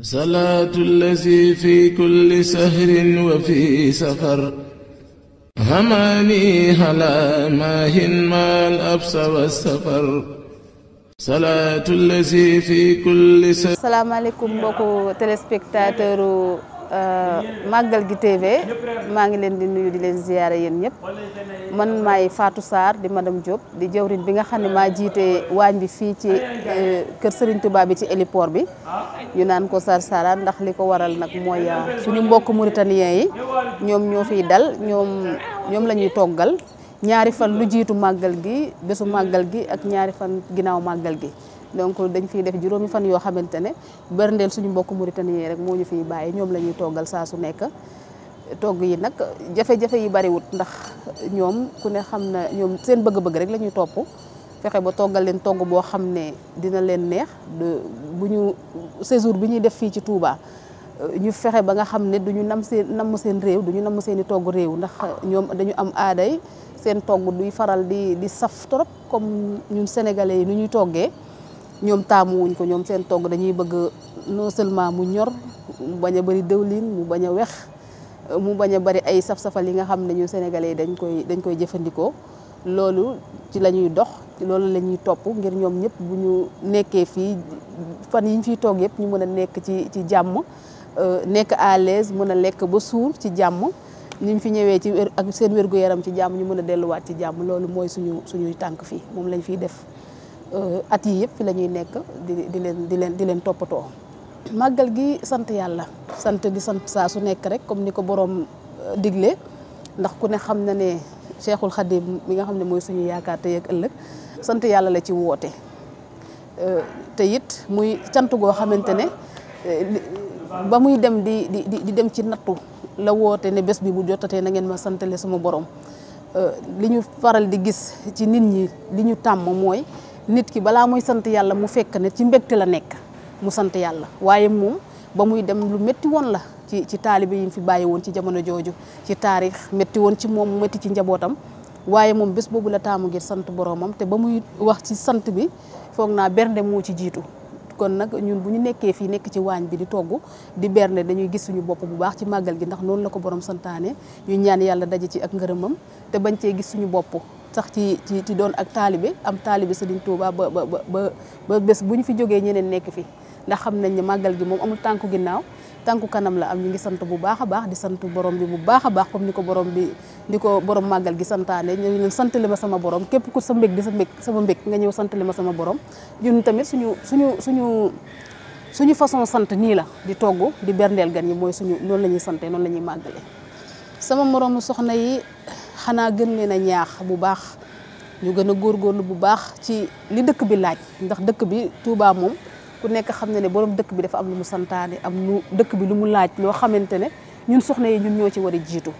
صلاة الذي في كل سهر وفي سفر هماني هلا ماهن ما الأبس والسفر صلاة الذي في كل سهر السلام عليكم بكو تلسبكتاتورو Euh, Magal gi TV maa ngi leen di nuyu di leen ziyaare yéen ñëpp man may Fatou saar di madame Diop di jëwriñ bi nga xam ne maa jiite waañ bi fii ci euh, kër Serigne Touba bi ci héliport bi ñu naan ko Sarr Saraan ndax li ko waral nag mooy euh, suñu mbokk mauritanien yi ñoom ñoo fiy dal ñoom ñoom la ñuy toggal ñaari fan lu jiitu màggal gi besu màggal gi ak ñaari fan ginnaaw màggal gi donc dañ fiy def juróomi fan yoo xamante ne berndeel suñu mbokk Mauritanie yi rek moo ñu fiy bàyyi ñoom lañuy ñuy saa su nekk togg yi nag jafe-jafe yi bariwut ndax ñoom ku ne xam na ñoom seen bëgg-bëgg rek la ñuy topp fexe ba toggal leen togg boo xam ne dina leen neex bu ñu séjour bi ñuy def fii ci Touba ñu fexe ba nga xam ne duñu nam seen namm seen réew duñu namm seen i togg réew ndax ñoom dañu am aaday seen togg duy faral di di saf trop comme ñun sénégalais yi nu ñuy toggee ñoom taamu wuñ ko ñoom seen togg dañuy bëgg non seulement mu ñor mu bañ a bëri dëwlin mu bañ a wex mu bañ a bëri ay saf-safal yi nga xam ne ñun sénégalais yi dañ koy dañ koy jëfandikoo loolu ci la ñuy dox loolu lañuy ñuy topp ngir ñoom ñëpp bu ñu nekkee fii fan yi ñu fiy toog yëpp ñu mën a nekk ci ci jàmm euh, nekk à l'aise mën a lekk ba suur ci jàmm ñu fi ñëwee ci wér ak seen wérgu yaram ci jàmm ñu mën a delluwaat ci jàmm loolu mooy suñu suñuy tànk fii moom lañ fiy def euh, at yi yëpp fi la nekk di di leen di leen di leen toppatoo. màggal gi sant yàlla sant di sant saa su nekk rek comme ni ko borom euh, digle ndax ku ne xam na ne seexul Khadim mi nga xam ne mooy suñu yaakaar tey ak ëllëg sant yàlla la ci woote euh, te it muy cant goo xamante ne ba muy dem di di di dem ci nattu. la woote ne bés bi bu jotatee na ngeen ma santale sama borom euh, li ñu faral di gis ci nit ñi li ñu tàmm mooy nit ki balaa mooy sant yàlla mu fekk ne ci mbégte la nekk mu sant yàlla waaye moom ba muy dem lu métti woon la ci ci taalibe yi mu fi bàyyi woon ci jamono jooju ci taarix métti woon ci moom métti ci njabootam waaye moom bés boobu la taamu ngir sant boromam te ba muy wax ci sant bi foog naa bernde moo ci jiitu kon nag ñun bu ñu nekkee fii nekk ci waañ bi di togg di berne dañuy gis suñu bopp bu baax ci màggal gi ndax noonu la ko borom santaane ñu ñaan yàlla daje ci ak ngërëmam te bañ cee gis suñu bopp sax ci ci ci doon ak taalibe am taalibe Sëriñ Tuubaa ba ba ba ba bés bu ñu fi jógee ñeneen nekk fi ndax xam nañ ne màggal gi moom amul tànku ginnaaw tànku kanam la am ñu ngi sant bu baax a baax di sant borom bi bu baax a baax comme ni ko borom bi ni ko borom màggal gi santaane ñu leen sant ma sama borom képp ku sa mbég di sa sama mbég nga ñëw sant li ma sama borom ñun tamit suñu suñu suñu suñu façon sant nii la di togg di berndeel gan yi mooy suñu noonu la ñuy sante noonu la ñuy màggale sama morom soxna yi xanaa gën leen a ñaax bu baax ñu gën a góor góorgóorlu bu baax ci li dëkk bi laaj ndax dëkk bi Touba moom ku nekk xam na ne borom dëkk bi dafa am lu mu santaane am lu dëkk bi lu mu laaj loo xamante ne ñun soxna yi ñun ñoo ci war a jiitu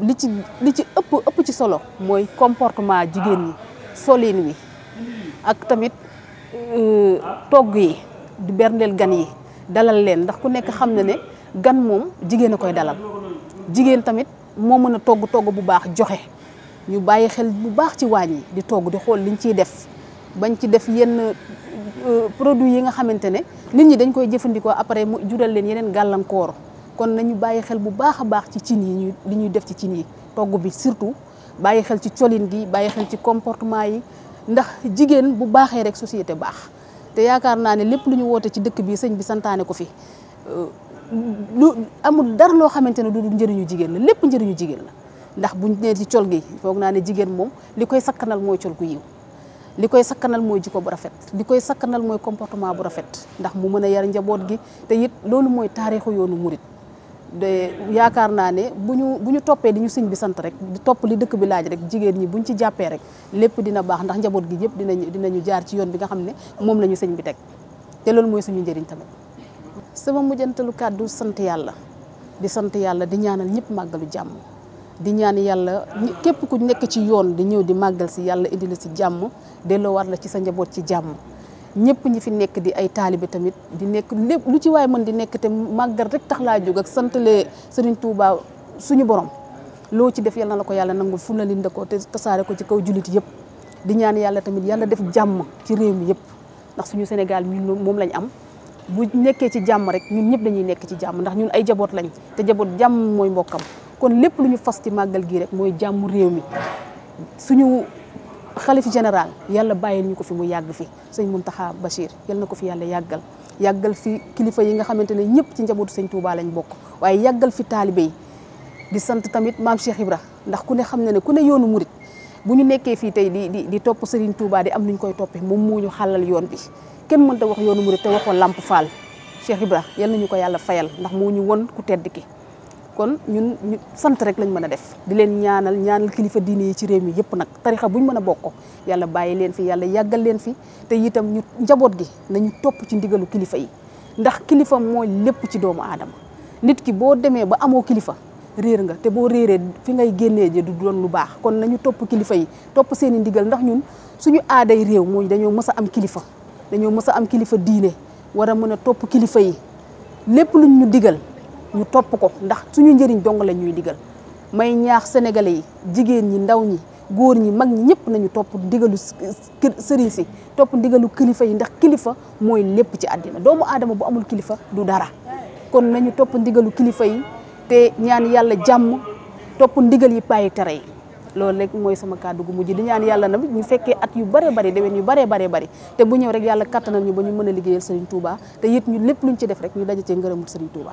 li ci li ci ëpp ëpp ci solo mooy comportement jigéen ñi solin wi ak tamit euh, togg yi di berndeel gan yi dalal leen ndax ku nekk xam na ne gan moom jigéen a koy dalal jigéen tamit moo mën a togg togg bu baax joxe ñu bàyyi xel bu baax ci waañ yi di togg di xool liñ ciy def bañ ci def yenn Euh, produit yi nga xamante ne nit ñi dañ koy jëfandikoo après mu jural leen yeneen gàllankoor kon nañu bàyyi xel bu baax a baax ci cin yi ñuy li ñuy def ci cin yi togg bi surtout bàyyi xel ci colin gi bàyyi xel ci comportement yi ndax jigéen bu baaxee rek société baax te yaakaar naa ne lépp lu ñu woote ci dëkk bi sëñ bi santaane ko fi euh, lu amul dara loo xamante ne du njëriñu jigéen la lépp njëriñu jigéen la ndax buñ nee ci col gi foog naa ne jigéen moom li koy sakkanal mooy col gu li koy sakkanal mooy jikko bu rafet li koy sakkanal mooy comportement bu rafet ndax mu mën a yar njaboot gi te it loolu mooy taarixu yoonu murit de yaakaar naa ne bu ñu bu ñu toppee di ñu sëñ bi sant rek di topp li dëkk bi laaj rek jigéen ñi buñ ci jàppee rek lépp dina baax ndax njaboot gi yëpp dinañu dinañu jaar ci yoon bi nga xam ne moom la ñu sëñ bi teg te loolu mooy suñu njëriñ tamit sama mujjantalu kàddu sant yàlla di sant yàlla di ñaanal ñëpp màggalu jàmm di ñaan yàlla képp ku nekk ci yoon di ñëw di màggal si yàlla indi la si jàmm delloowaat la ci sa njaboot ci jàmm ñëpp ñi fi nekk di ay taalibe tamit di nekk lépp lu ci waay mën di nekk te màggal rek tax laa jóg ak santalee Sëriñ Tuubaa suñu borom loo ci def yal na la ko yàlla nangul fu la linda ko te tasaare ko ci kaw jullit yëpp di ñaan yàlla tamit yàlla def jàmm ci réew mi yëpp ndax suñu Sénégal ñun moom lañ am bu nekkee ci jàmm rek ñun ñëpp dañuy nekk ci jàmm ndax ñun ay jaboot lañ te jaboot jàmm mooy mbokkam kon lépp lu ñu fas ci màggal gii rek mooy jàmm réew mi suñu xalif général yàlla bàyyil ñu ko fi mu yàgg fi sëñ Muntaxa Bachir yal na ko fi yàlla yàggal yàggal fi kilifa yi nga xamante ne ñëpp ci njabootu sëñ Touba lañ bokk waaye yàggal fi taalibe yi di sant tamit maam Cheikh Ibra ndax ku ne xam na ne ku ne yoonu murit bu ñu nekkee fii tey di di di topp Serigne Touba di am nuñ koy toppee moom moo ñu xàllal yoon bi kenn mënta wax yoonu murit te waxoo Lamp Fall Cheikh Ibra yal nañu ko yàlla fayal ndax moo ñu won ku tedd ki kon ñun sant rek lañ mën a def di leen ñaanal ñaanal kilifa diine yi ci réew mi yëpp nag tarixa buñ mën a bokk yàlla bàyyi leen fi yàlla yàggal leen fi te itam ñu njaboot gi nañu topp ci ndigalu kilifa yi ndax kilifa mooy lépp ci doomu aadama nit ki boo demee ba amoo kilifa réer nga te boo réeree fi ngay génnee ji du lu baax kon nañu topp kilifa yi topp seen i ndigal ndax ñun suñu aaday réew mooy dañoo mës a am kilifa dañoo mës a am kilifa diine war a mën a topp kilifa yi lépp luñ ñu digal ñu topp ko ndax suñu njëriñ dong la ñuy digal may ñaax sénégalais yi jigéen ñi ndaw ñi góor ñi mag ñi ñëpp nañu topp ndigalu sëriñ si topp ndigalu kilifa yi ndax kilifa mooy lépp ci àddina doomu adama bu amul kilifa du dara kon nañu topp ndigalu kilifa yi te ñaan yàlla jàmm topp ndigal yi bàyyi tere yi loolu rek mooy sama kàddu gu mujj di ñaan yàlla na ñu fekkee at yu bare de déwén yu bare bare bari te bu ñëw rek yàlla kattanal ñu ba ñu mën a liggéeyal sëriñ Touba te it lépp luñ ci def rek ñu daje ci ngërëmul sëriñ Touba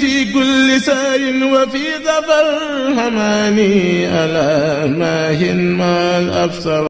في كل سار وفي ظفر هماني ألا ماه ما الأفسر